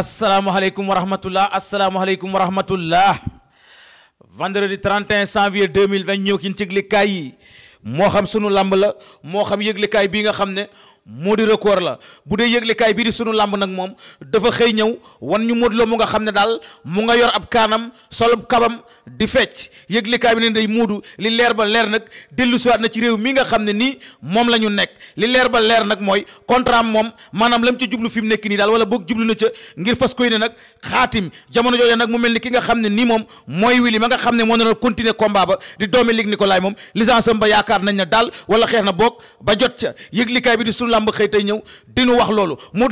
asalaamaaleykum wa rahmatullah asalaamaaleykum wa rahmatullah vendredi deux janvier 2020 ñëw kin ci yëglikaay yi moo xam sunu làmb la moo xam yëglikaay bii nga xam ne moo di record la bu dee yëglekaay bii di sunu làmb nag moom dafa xëy ñëw wan ñu Modou Lo mu nga xam ne daal mu nga yor ab kaanam solub kabam di fecc yëglekaay bi ne day Modou li leer ba leer nag dellu siwaat na ci réew mi nga xam ne nii moom la ñu nekk li leer ba leer nag mooy contrat moom maanaam lam ci jublu fi mu nekk nii daal wala boog jublu na ca ngir fas koy ne nag xaatim jamono nag mu mel ni ki nga xam ne nii moom mooy wili ma nga xam ne moo doon continuer combat ba di doomi lig Nicolas moom licence am ba nañ ne daal wala xeex na boog ba jot ca yëglekaay bi di sunu làmb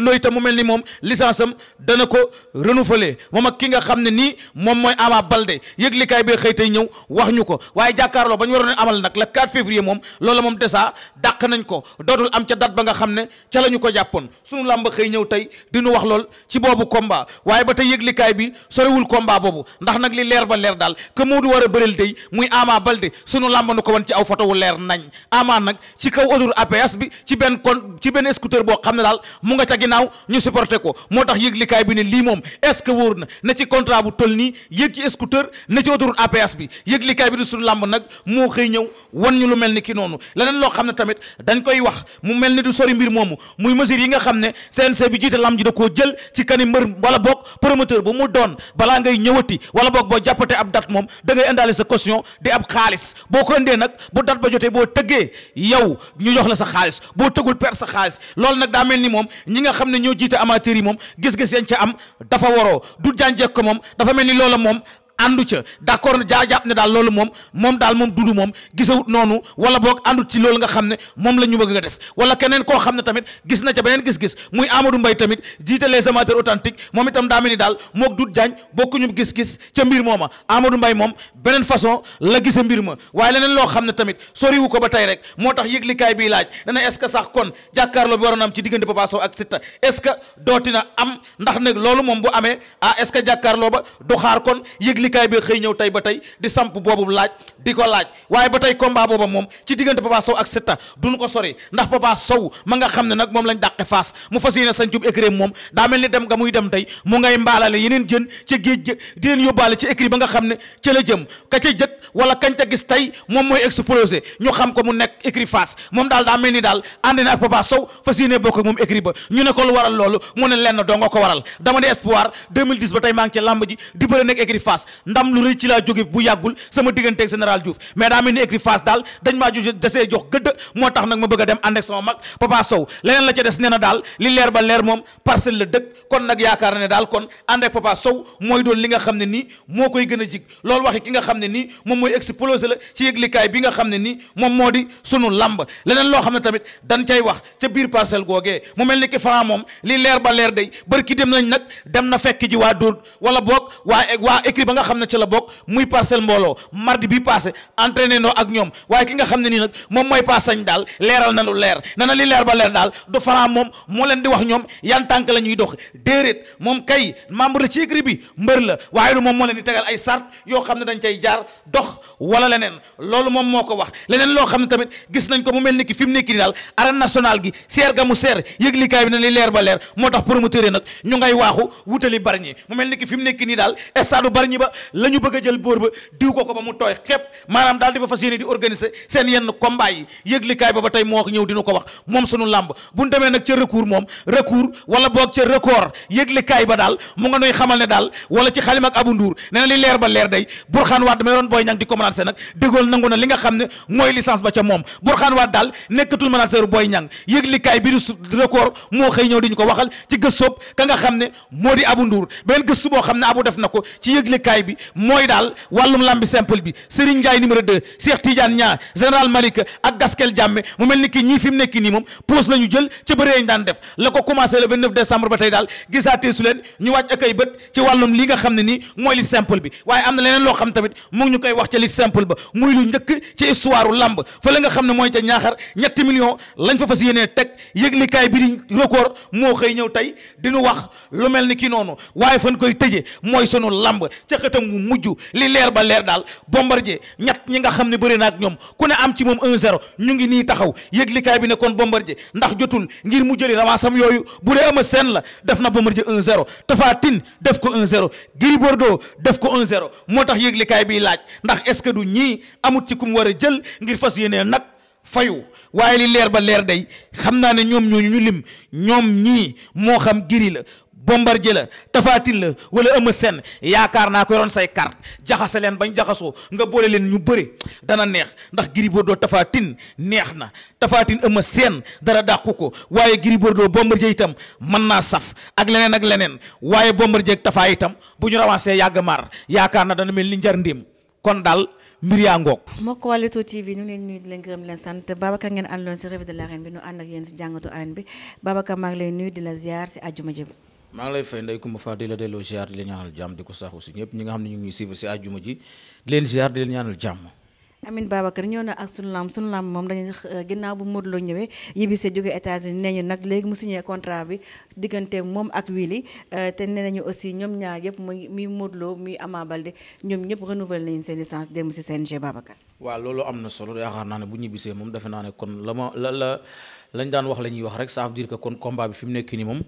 Lo itam mu mel ni moom licence am dana ki nga xam ne nii moom mooy Ama Baldé yëglikaay bi xëy tey ñëw wax ñu ko waaye jàkkaarloo ba ñu waroon amal nag le 4 février moom loola moom desa dàq nañ ko dootul am ca date ba nga xam ne ca la ñu ko jàppoon sunu làmb xëy ñëw tey dinu wax lool ci boobu combat waaye ba tey yëglikaay bi sorewul combat boobu ndax nag li leer ba leer daal que Modou war a bëreel muy Ama Baldé sunu làmb nu ko wan ci aw photo wu leer nañ Ama nag ci kaw autour APS bi ci benn kon ci benn scooter boo xam ne daal mu nga ca ginnaaw ñu supporté ko moo tax yëglikaay bi ne lii moom est wóor na na ci contrat bu toll nii yëg ci scooter na ci autoroute APS bi yëglikaay bi di suñu làmb nag moo xëy ñëw wan ñu lu mel ni ki noonu leneen loo xam ne tamit dañ koy wax mu mel ni du sori mbir moomu muy mesure yi nga xam ne CNC bi jiite lamb ji da koo jël ci kani mbër wala boog promoteur bu mu doon balaa ngay ñëwati wala boog boo jàppate ab date moom da indaale sa caution di ab xaalis boo ko indee nag bu date ba jotee boo tëggee yow ñu jox la sa xaalis loolu nag daa mel ni moom ñi nga xam ne ñoo jiite amateurs yi moom gis-gis yañ am dafa waroo du jànjeek ko moom dafa mel ni loola moom àndu ca d'accord jaa jàpp ne daal loolu moom moom daal moom dudu moom gisawut noonu wala boog àndut ci loolu nga xam ne moom la ñu bëgg nga def wala keneen koo xam ne tamit gis na ca beneen gis-gis muy Amadou mbay tamit jiite les amateurs moom itam daa mel ni daal mook dut jaañ bokkuñu gis-gis ca mbir mooma Amadou mbay moom beneen façon la gisa mbir ma waaye leneen loo xam ne tamit soriwu ko ba tey rek moo tax yëglikaay bi laaj dana est-ce que sax kon jàkkaarloo bi waroon am ci diggante Papa Sow ak Siteu est-ce que am ndax nag loolu moom bu amee ah est-ce que jàkkaarloo ba du xaar kon yëgli yëglikaay bi xëy ñëw tey ba tey di samp boobu laaj di ko laaj waaye ba tey combat booba moom ci diggante Papa Sow ak Siteu duñ ko sori ndax Papa Sow ma nga xam ne nag moom lañ dàqe faas mu fas yéene sañ cub écrit moom daa mel ni dem nga muy dem tey mu ngay mbaalale yeneen jën ca géej di leen yóbbaale ci écrit ba nga xam ne ca la jëm ka ca jëkk wala kañ ca gis tey moom mooy explosé ñu xam ko mu nekk écrit face moom daal daa mel ni daal ànd na ak Papa Sow fas yéene bokk moom écrit ñu ne waral loolu mu ne lenn doo nga ko waral dama di espoir ba tey maa ngi ca làmb ji di bëre nekk écrit ndam lu rëy ci laa jóge bu yàggul sama diggante ak général Diouf mais daa mel ni écrit daal dañ maa ju desee jox gëdd moo tax nag ma bëgg a dem ànd ak sama mag Papa Sow leneen la ca a moom mooy explosé la ci yëglikaay bi nga xam ne nii moom moo di sunu làmb leneen loo xam ne tamit dañ cay wax ca biir parcelle googee mu mel ni ki Franc moom li leer ba leer day bërki dem nañ nag dem na fekk ji waa dóor wala boog waa e-, waa écrit ba nga xam ne ci la bokk muy parcelle mbooloo mardi bi passé entraîné noo ak ñoom waaye ki nga xam ne nii nag moom mooy paasañ daal leeral na lu leer na na li leer ba leer daal du Franc moom moo leen di wax ñoom yan la ñuy dox déedéet moom la bi mbër la waaye du moom moo leen yoo xam ne dañ dox wala leneen loolu moom moo ko wax leneen loo xam ne tamit gis nañ ko mu mel ni ki fi mu nekk nii daal arène nationale gi seer ga mu seer yëglikaay bi ba leer moo tax promoteur yi nag ñu ngay waaxu wutali Bargny mu mel ni ki la ñu bëgg a jël bóor ne na li leer ba leer day Burxaan Wade may doon booy Niang di ko menacé nag De Gaulle nangu na li nga xam ne mooy licence ba ca moom Bourkhane Wade daal nekkatul menaceur Boy Niang yëglikaay bi record moo xëy ñëw di ñu ko waxal ci gëstoob ka nga xam ne moo di Abu Ndour beneen gëstu boo xam ne Abu def na ko ci yëglikaay bi mooy daal wàllum lambi simple bi Serigne Ndiaye numéro 2 Cheikh Tidiane Niang général Malick ak Gaskel Diame mu mel ni ñii fi nekk nii moom pause la ñu jël ca bëree ñu daan def la ko commencé le 29 décembre ba tey li nga xam ne nii mooy li wax ca li simple ba muy lu njëkk ci histoire lamb fa la nga xam ne mooy ca ñaaxar ñetti million lañ fa fas yéenee teg yëglikaay bi di record moo xëy ñëw tey diñu wax lu mel ni ki noonu waaye fan koy tëje mooy sunu lamb ca xëtam mu mujj li leer ba leer daal bombardier ñett ñi nga xam ne bëri na ak ñoom ku ne am ci moom 1-0 ñu ngi nii taxaw yëglikaay bi ne kon bombardier ndax jotul ngir mu jëli rawaasam yooyu bu dee ama seen la def na bombardier 1-0 Tapha Tine def ko 1-0 Gris def ko 1-0 moo tax yëglikaay bi ndax est-ce que du ñii amut ci kum war a jël ngir fas yéenee nag fayu waaye li leer ba leer day xam naa ne ñoom ñoo ñu lim ñoom ñii moo xam giri la Bombardier la tafaatin la wala Eumeu Sène yaakaar naa ko yoroon say carte jaxase leen bañ jaxasoo nga boole leen ñu bëri dana neex ndax Gris Bordeaux tafaatin neex na tafaatin Eumeu seen dara dàqu ko waaye Gris Bordeaux Bombardier itam mën naa saf ak leneen ak leneen waaye Bombardier ak tafaa itam bu ñu ravancé yàgg maar yaakaar na dana mel ni njar ndéem kon daal mbir yaa ngoog mbokk waa Leewtoo TV ñu ngi leen nuyu di leen gërëm leen sant Babacar ngeen àndoon si revue de l'arène bi ñu ànd ak yéen si jàngatu arène bi Babacar maa ngi lay nuyu di la ziar si àjjuma ji maa ngi lay fay ndey Koumba di la delloo ziar di leen ñaanal jàmm di ko saxu si ñëpp ñi nga xam ne ñu ngi suivre si àjjuma ji leen ziar di leen ñaanal jàmm Amin Babacar ñoo na ak sunu lamb sunu lamb moom dañu euh, ginnaaw bu Modou Lo ñëwee yibisee jóge États-Unis nee ñu nag léegi mu signé contrat bi diggante moom ak wii Wili euh, te nee nañu aussi ñoom ñaar yëpp muy muy Modou Lo muy Ama de ñoom ñëpp renouvelé nañu seen licence dem ci CNG Babacar waaw loolu am na solo yaakaar naa ne bu ñibbisee moom defe naa ne kon la ma la la lañ daan wax la ñuy wax rek ça veut dire que kon combat bi fi mu nekk nii moom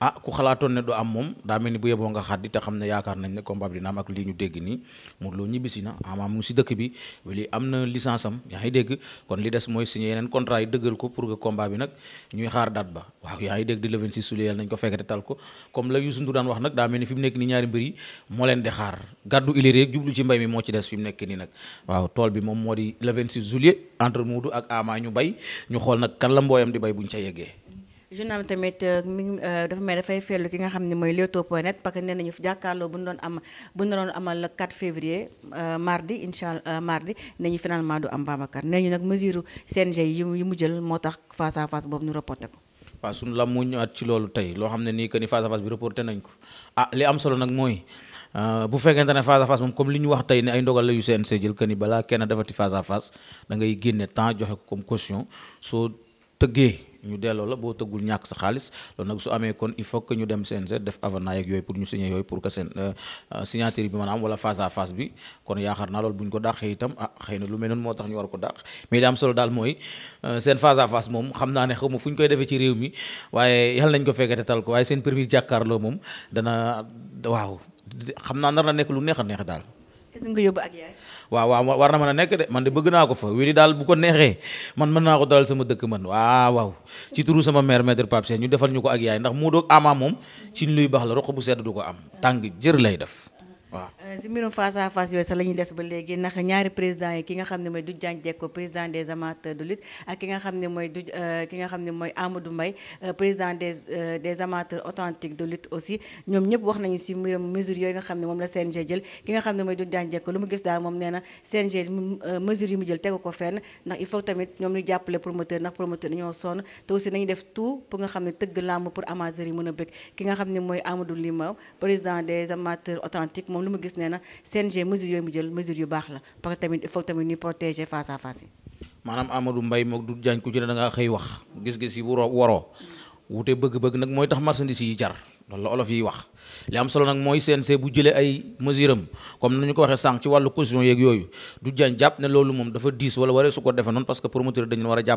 ah ku xalaatoon ne du am moom daa mel ni bu yeboo nga xaddi te xam yaakaar nañ ne combat bi dina am ak lii nii Modou na ah, ama mu ngi si dëkk bi lii am na licence am yaa ngi kon li des mooy signé yeneen contrat yi dëggal ko pour que combat bi nag ñuy xaar date ba waaw ko fekkete tal ko comme la Youssou wax nag daa mel ni fi mu nekk nii ñaari mbir yi moo leen di xaar gàddu illéer rek jublu ci mbay mi moo ci des fi mu nekk nii nag waaw tool bi moom moo di le 26 juillet entre Moodu ak Ama ñu bay ñu xool nag kan la mbooyam di bay buñ ca yeggee. journal tamit euh, euh, dafa mel dafay fellu ki nga xam ne mooy Leewtoo point net parce que nee nañu jàkkaarloo bu ñu doon am bu ñu doon amal le 4 février euh, mardi incha allah du am Babacar nee ñu nag mesure CNG yi mu yi mu jël moo tax face à face boobu ñu reporté ko. waaw suñu la mu ñëwaat ci loolu tey loo xam ne nii que ni face à bi reporté nañ ko ah li am solo nag mooy. Euh, bu fekkente ne face à face moom li ñu wax tey ne ay ndogal la yu ni balaa kenn defati face à face da ngay génne temps joxe ko soo tëggee ñu delloo la boo tëggul ñàkk sa xaalis loolu nag su amee kon il faut que ñu dem CNG def avenant yeeg yooyu pour ñu signer yooyu pour que seen euh, euh, signature bi maanaam wala bi kon yaakaar naa loolu bu ñu ko dàqee itam ah xëy na lu mel noonu moo tax ñu war ko dàq mais li am solo daal mooy seen face moom xam naa ne xaw ma fu ñu koy defee ci réew mi waaye yàlla nañ ko fekkete tal ko waaye seen premier jàkkaarloo moom dana waaw xam naa nar na nekk lu neex a neex daal. est-ce waaw waaw war na mën a nekk de man de bëgg naa ko fa wéli daal bu ko neexee man mën naa ko dalal sama dëkk man waaw waaw ci turu sama meer maître Pape Sène ñu defal ñu ko ak yaay ndax moo doog ama moom ci luy baax la roq bu sedd du ko am tàng jër lay def. waaw euh, si mbirum face à yooyu sax la des ba léegi ndax ñaari président yi ki nga xam ne mooy Doudou Diagne Diecko président des amateurs de lutte ak ki nga xam ne mooy Doudou euh, nga xam ne mooy Amadou Mbaye euh, président des des amateurs authentiques de lutte aussi ñoom ñëpp wax nañu si mbirum mesures yooyu nga xam ne moom la CNG jël ki nga xam ne mooy Doudou Diagne Diecko moom nee na CNG mesures yi mu jël tegu ko fenn ndax il tamit ñoom ñu jàppale promoteur ndax promoteur dañoo sonn te aussi nañu def tout pour nga xam ne tëgg làmb pour amateurs yi mën a ki nga xam ne mooy Amadou Lima président des amateurs authentiques moom lu mu gis nee na CNG mesures yooyu mu jël mesures yu baax la parce que tamit il faut tamit ñu protéger face yi. maanaam Amadou Mbaye moom du jaañ ku ci ne da ngaa xëy wax gis-gis yi waroo wute bëgg-bëgg nag mooy tax marchandise yi jar loolu la olof yiy wax li am solo nag mooy CNG bu jëlee ay mesure am comme ni ñu ko waxee sànq ci wàllu caution yeeg yooyu du jan jàpp ne loolu moom dafa diis wala waree su ko defe noonu parce que promoteur dañu a yi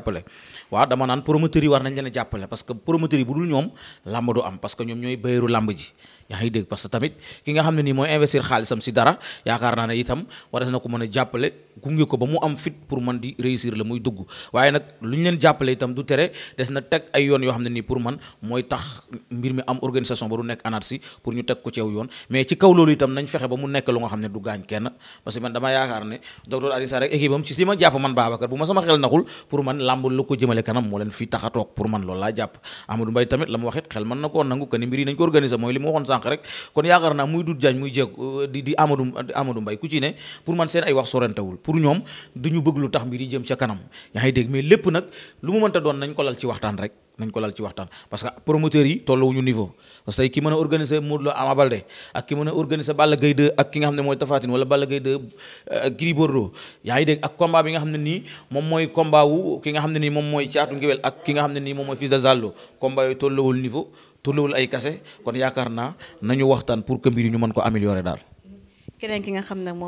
a jàppale parce que promoteur yi bu dul ñoom làmb du am parce que ñoom ñooy bayeeru làmb ji yaa ngi dégg parce que tamit ki nga xam ne nii mooy investir xaalisam si dara yaakaar naa ne itam waras na ko mën a jàppale gunge ko ba mu am fit pour man di réussir la muy dugg waaye nag lu ñu leen jàppale itam du tere des na teg ay yoon yoo xam ne nii pour man mooy tax mbir mi am organisation ba du nekk anarchie pour ñu teg ko ci aw yoon mais ci kaw loolu itam nañ fexe ba mu nekk lu nga xam ne du gaañ kenn parce que man dama yaakaar ne docteur Alioune Sarr rek équipe am ci si ma jàpp man Babacar bu ma sama xel naxul pour man a toog pour loolu laa jàpp Amadou Mbaye tamit la mu wax xel mën na koo nangu que ni mbir yi nañ ko organiser mooy li mu waxoon sànq rek kon yaakaar naa muy dut jaañ muy jéeg euh, di Amadou Amadou Mbaye ku ci ne pour man seen ay wax sorentewul pour ñoom duñu bëgg tax mbir yi jëm ca kanam lépp nag lu mu doon nañ ko lal waxtaan rek nañ ko laal ci waxtaan parce que promoteurs yi tolluwuñu niveau parce que ki mën a organiser Modou Lo Ama ak ki mën a organiser Balla Gaye ak ki nga xam ne mooy Tapha Tine wala Balla Gaye euh, nga xam ne nii moom mooy combat wu ki nga xam ne nii moom mooy Thiatou Nguéweul ak ki nga xam ne nii moom mooy Fils de Zallo combat niveau tolluwul ay kase kon yaakaar naa nañu waxtaan pour que mbir ñu mën ko améliorer daal keneen ki nga xam ne moo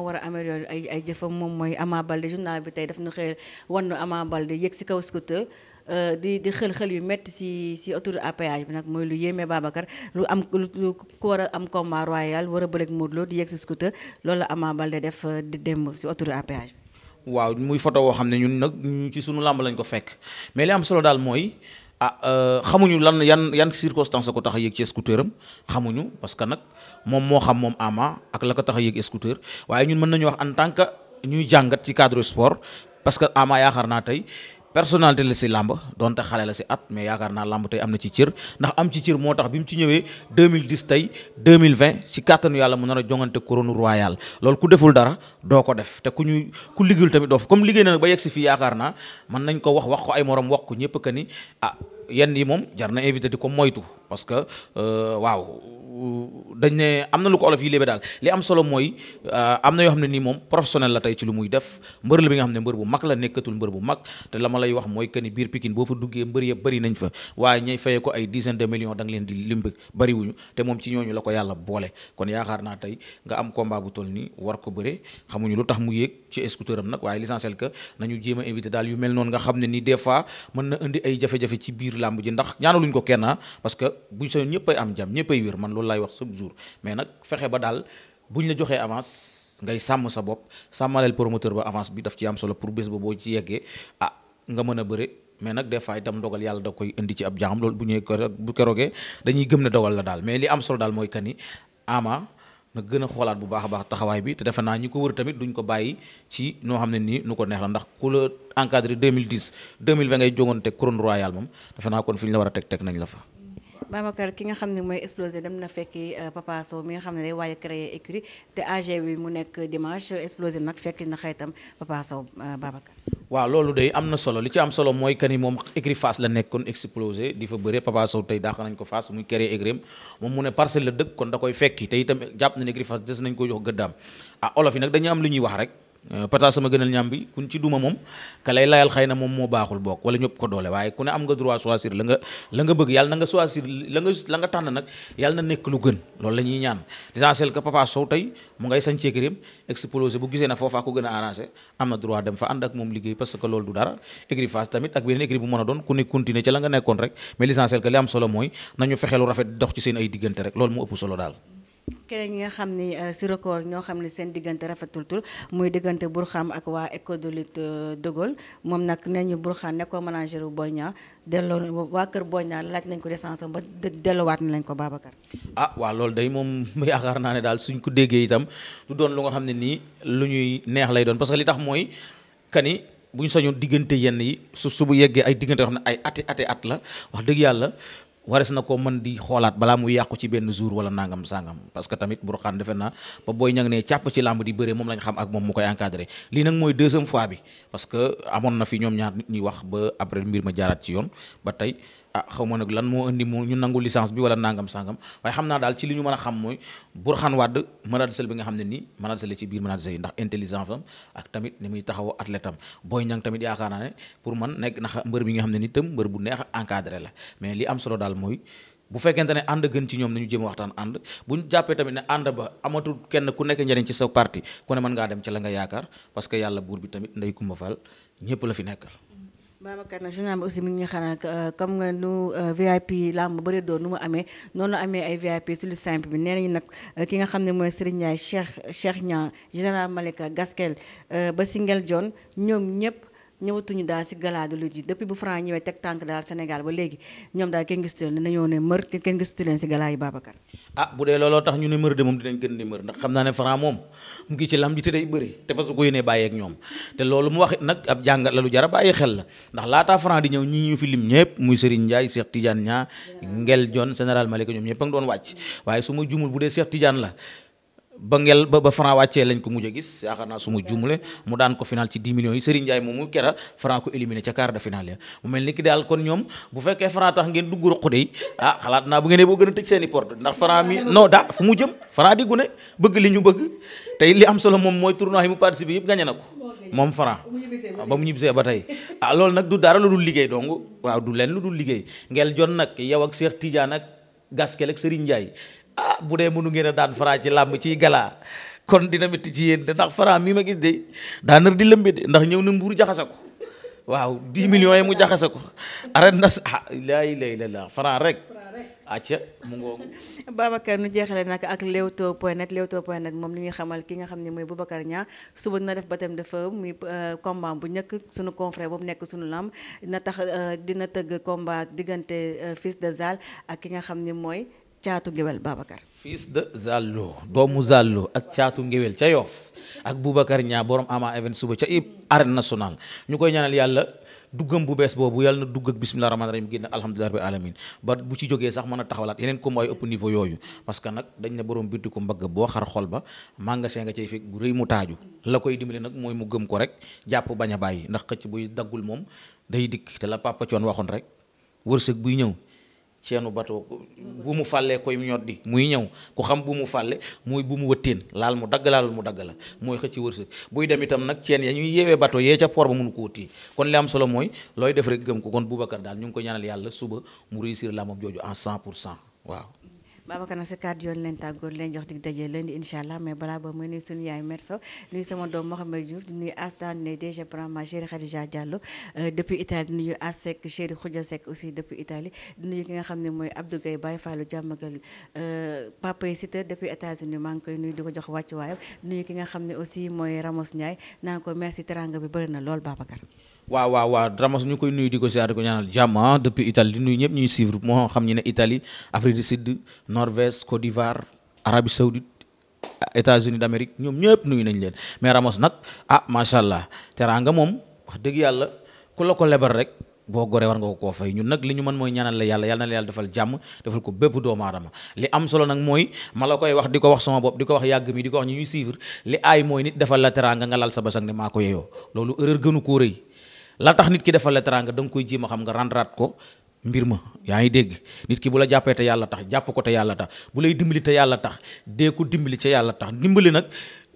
Euh, di di xël-xël yu metti si si autour à péage bi nag mooy lu yéeme Babacar lu am lu ku war a am combat royal war a bëreeg Modou Lo di yegg si scooter loolu la Ama Baldé def euh, di dem si autour à péage bi. waaw muy foto woo xam ne ñun nag ñu ci sunu làmb lañ ko fekk mais li am solo daal mooy. ah euh, xamuñu lan yan yan circonstance ko tax a yeeg ci scooter am xamuñu parce que nag moom moo xam moom Ama ak la ko tax a yéeg scooter waaye ñun mën nañu wax en tant que ñuy jàngat ci cadre sport parce que Ama yaakaar naa tey personnalité la si làmb donte xale la si at mais yaakaar naa làmb tey am na ci cër ndax am ci cër moo tax bi mu ci ñëwee 2010 tey 2020 si kàttanu yàlla mu nar a jongante couronne royale loolu ku deful dara doo ko def te ku ñu ku liggéeyul tamit doo fa comme liggéey na ba yegg si yaakaar naa mën nañ ko wax wax ko ay morom wax ko ñëpp que ni ah yenn yi moom jar na invité di ko moytu parce que euh, waaw dañ ne am na lu ko olof yi léebe daal li am solo mooy euh, am na yoo xam ne nii moom professionnel la tey ci lu muy def mbër la bi nga xam ne mbër bu mag la nekkatul mbër bu mag te la ma la ko yàlla boole a na indi ay jafe-jafe ci biir làmb ji ndax ñaanaluñ ko kenn ah, parce buñ sa ñëppay am jàmm ñëppay wér man loolu loolu laay wax chaque jour mais nag fexe ba daal bu ñu la joxee avance ngay sàmm sa bopp sàmmaleel promoteur ba avance bi daf ci am solo pour bés ba boo ci yeggee ah nga mën a bëre mais nag des fois itam dogal yàlla da koy indi ci ab jaam loolu bu ñuy bu kerogee dañuy gëm ne dogal la daal mais li am solo daal mooy kani ama na gën a xoolaat bu baax a baax taxawaay bi te defe naa ñi ko wër tamit duñ ko bàyyi ci noo xam ne nii nu ko neex la ndax ku la encadré 2010 2020 ngay jógoon teg couronne royale moom kon fi ñu war a teg teg nañ la fa. Babacar ki nga xam ne mooy explosé dem na fekki euh, Papa Sow mi nga xam ne day waaye créer écurie te AG bi mu nekk dimanche explosé nag fekk na xeetam Papa Sow euh, Babacar. waa loolu de am na solo li ci am solo mooy que ni moom écurie Fass la nekkoon explosé di fa bëre Papa Sow tey daax nañ ko Fass muy créer écurie moom mu ne parcelle la dëkk kon da koy fekki te itam jàpp na ne écurie Fass des nañ ko jox gëddaam ah olof yi nag dañu am lu ñuy wax rek. Euh, pata sama gënal ñam bi kuñ ci duma moom ka layal xëy na moom moo baaxul bokk wala ñëpp ko doole waaye ku ne am nga droit choisir la la nga na nga choisir la nga nga tànn nag yàlla na nekk lu gën lool la ñuy ñaan l'essentiel que Papa Sow tey mu ngay sañ ceekirim explosé bu gisee na foofaa ko gën a arrangé am na droit dem fa ànd ak moom liggéey parce que loolu du dara écurie Fass tamit ak beneen écurie bu mën a doon ku ne continuer ca nga nekkoon rek mais l'essentiel que li am solo rafet dox ci seen ay loolu mu ëpp solo daal keneen ñi nga xam ni euh, si ñoo xam ne seen diggante rafetul tul muy diggante xam ak waa école de lutte euh, de Gaulle moom nag nee ñu Bourkham nekkoo manager bu Boy Niang delloo waa kër Boy Niang laaj nañ ko décence ba delluwaat na lañ ko Babacar. ah waa lool day moom mu yaakaar naa ne daal suñ ko déggee itam du doon lu nga xam ne nii lu ñuy neex lay doon parce li tax mooy kani bu ñu sañoon diggante yenn yi su su bu yeggee ay diggante yoo xam ay ati ati at la wax dëgg yàlla. wares na ko man di xoolaat balaa mu yàqu ci benn jour wala nangam sangam parce que tamit Burkhane defe naa ba booy ñang ne càpp ci làmb di bëree moom lañ xam ak moom mu koy encadré lii nag mooy deuxième fois bi parce que amoon na fi ñoom ñaar nit ñuy wax ba après mbir ma jaaraat ci yoon ba tey ah xaw ma nag lan moo indi mu ñu nangu licence bi wala nangam sangam waaye xam naa daal ci li ñu mën a xam mooy Bourkhane Wade mënadsel bi nga xam ne nii mënadsel ci biir mënadsel yi ndax intelligence am ak tamit taxaw athlète am Boy Niang tamit yaakaar naa ne pour man nekk na mbër bi nga xam ne nii tam mbër bu neex encadré la mais li am solo daal mooy bu fekkente ne ànd gën ci ñoom nañu jëm waxtaan ànd bu ñu jàppee tamit ne ànd ba amatul kenn ku nekk njëriñ ci sa parti ku ne mën ngaa dem ci la nga yaakaar parce que yàlla buur bi tamit Ndeye Coumba Fall ñëpp la fi nekkal Babacar nag journal bi aussi mi ngi ñu xanaa euh, comme nga nu euh, VIP làmb bëri doon nu mu amee noonu amee ay VIP sur le simple bi nee nañu nag euh, ki nga xam ne mooy Serigne Ndiaye Cheikh Cheikh Niang général Malika Gaskel ba Singel John ñoom ñëpp. ñëwatuñu daal si galaadu lu ji depuis bu Franc ñëwee teg tànk daal Sénégal ba léegi ñoom daal kenn gis leen dinañoo ne mër kenn gisatu si galaa yi Babacar ah bu dee looloo tax ñu ne mër de moom dinañ gën di mër ndax xam naa ne Franc moom mu ngi ci lam ji te day bëri te fa su ko yéenee bàyyeeg ñoom te loolu mu wax nag ab jàngat la lu jara bàyyi xel la ndax laataa Franc di ñëw ñi ñu fi lim ñëpp muy Serigne Ndiaye Cheikh Tidiane Niang Ngel John général Malick ñoom ñëpp a ngi doon wàcc waaye su ma bu dee Cheikh Tidiane la ba ngeen ba ba franc wàccee lañ ko mujj a gis yaakaar naa suma jumle mu daan ko final ci 10 millions yi Serigne Ndiaye moom mu kera franc ko éliminé ca quart de finale ya mu mel ni ki daal kon ñoom bu fekkee franc tax ngeen dugg ruq dey ah xalaat naa bu ngeen boo gën a tëj seen i porte ndax franc mi non daa fu mu jëm franc di gune bëgg li ñu bëgg tey li am solo moom mooy tournoi yi mu participé yëpp gagné na ko moom franc ah, ba mu ñibbisee ba tey ah loolu nag du dara lu dul liggéey dong waaw du leen lu dul liggéey ngel jon nag yow ak Cheikh Tidiane ak Gaskel ak Serigne Ndiaye ah bu dee mënu ngeena a daan Franc ci làmb ciy galaa kon dina métti ci yéen ndax Franc mii ma gis de daa nar di lëmbe de ndax ñëw na mbuur jaxase ko waaw 10 millions yi mu jaxase ko arène na ah laa ilaaha illallaah Franc rek acca mu ngoog Babacar nu jeexale nag ak Leewtoo point net Leewtoo point net moom li ñuy xamal ki nga xam ne mooy Boubacar Niang suba dina def batam dafa muy euh, combat bu njëkk suñu confrère boobu nekk suñu lamb dina tax euh, dina tëgg combat diggante euh, fils de Zal ak ki nga xam ni mooy caatu ngéwél Babacar. fils de Zallo doomu Zallo ak caatu ngéwél ca yoof ak Boubacar ñaar borom ama event suba ca arène national ñu koy ñaanal yàlla duggam bu bees boobu yàlla na dugg ak bismillah rahmaani rahim génn alhamdulilah rabbil alamin ba bu ci jógee sax mën a taxawalaat yeneen combat yu ëpp niveau yooyu parce que nag dañ ne borom bintu ko mbagg boo xar xol ba magasin nga cay fekk bu rëy mu taaju la koy dimbali nag mooy mu gëm ko rek jàpp bañ a bàyyi ndax xëcc buy daggul moom day dikk te la papa coon waxoon rek wërsëg buy ñëw ceenu bato bu mu fàllee koy ñoddi muy ñëw ku xam bu mu fàlle muy bu mu wëttéen laal mu dagg laalul mu dagg la mooy xëcc wërsëg buy dem itam nag ceen ya ñuy yeewee bato yee ca port ba mënu ko wuti kon li am solo mooy looy def rek gëm ko kon Boubacar daal ñu ngi ko ñaanal yàlla suba mu réussir làmbam jooju en 100 pour cent waaw Babacar nag sa kàddu yoon leen tàggoor leen jox dig daje leen di incha allah mais balaa ba muy nuyu suñu yaay Merso nuyu sama doom Mohamed Diouf di nuyu Astan ne DG Prama chéri Khadija Diallo euh, depuis Italie di nuyu Asek aussi depuis Italie ki nga xam ne mooy Abdou Gaye Baye Fallou jàmmagal euh, papa yi depuis États-Unis maa ngi koy nuyu di ko jox wàccuwaayam nuyu ki nga xam ne aussi mooy Ramos Ndiaye naan ko merci teranga bi bëri na lool Babacar waaw waaw waaw Ramos ñu koy nuyu di ko siyaar di ko ñaanal jàmm ah, depuis Italie di nuyu ñëpp ñuy suivre moo xam ñu ne Italie Afrique du Sud Norvège Côte d'Ivoire Arabie Saoudite États-Unis d'Amérique ñoom ñëpp nuyu nañ leen mais Ramos nag ah macha allah teraanga moom wax dëgg yàlla ku la ko lebal rek. boo goree war nga ko koo fay ñu nag li ñu mën mooy ñaanal la yàlla yàlla na la yàlla defal jàmm defal ko bépp doomu aadama li am solo nag mooy ma la koy wax di ko wax sama bopp di ko wax yàgg mi di ko ñu ñuy suivre li aay mooy nit defal la teraanga nga lal sa basang maa ko yeyoo loolu erreur gënu koo la tax nit ki defal la teraanga danga koy jéem a xam nga rendraat ko mbir ma yaa ngi dégg nit ki bu la jàppee te yàlla tax jàpp ko te yàlla tax bu lay dimbali te yàlla tax dee ko dimbali ca yàlla tax dimbali nag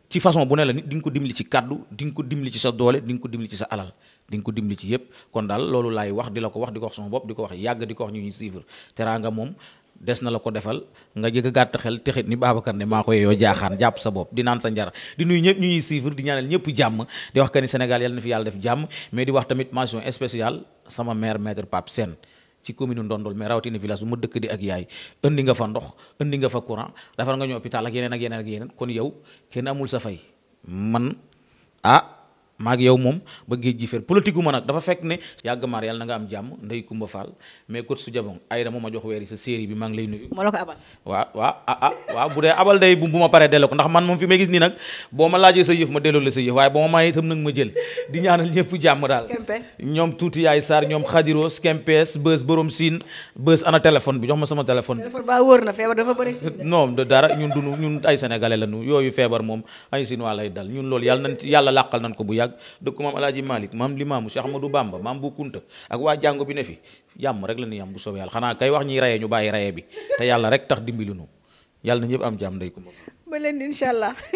ci façon bu ne la nit di nga ko dimbali ci kàddu di ko dimbali ci sa doole dinga ko dimbali ci sa alal di nga ko dimbali ci yëpp kon daal loolu laay wax di la ko wax di ko wax sama bopp di ko wax yàgg di ko wax ñu ñuy suivre teraanga moom des na la ko defal nga jëkk gàtt xel texit ni Babacar ne maa ko yeyoo jaaxaan jàpp sa bopp di naan sa njara di nuyu ñuy suivre di ñaanal ñëpp jàmm di wax que ni Sénégal yal na fi yàlla def jàmm mais di wax tamit mention spéciale sama maire maître Pape Sène ci commune Ndondol mais rawatina village bu ma dëkk di ak yaay indi nga fa ndox indi nga fa courant defar nga ñu hôpital ak yeneen ak yeneen ak yeneen kon yow kenn amul sa fay man ah maag yow moom ba géej gi fer politique gu ma nag dafa fekk ne yàgg maar yàlla na nga am jàmm ndey Kumba Fall mais cote su jabon ma jox weeri sa série bi maa ngi lay nuyu sa yëf ma delloo la sa yëf bi ma sama téléphone bi ba wóor na feebar dafa bëri non dara ñun dunu ay sénégalais lañu yooyu feebar moom ay sinwaa lay dal ñun loolu yàlla nañ yàlla ko bu yàgg ak dëkku maam alaaji Malick maam limaamu Cheikh Ahmadou Bamba maam bu kunta ak waa jàngo bi ne fi yàmm rek la ñuy am bu soobee yàlla xanaa kay wax ñuy rayee ñu bàyyi rayee bi te yàlla rek tax dimbali nu yàlla na ñëpp am jàmm ndey ko ba leen incha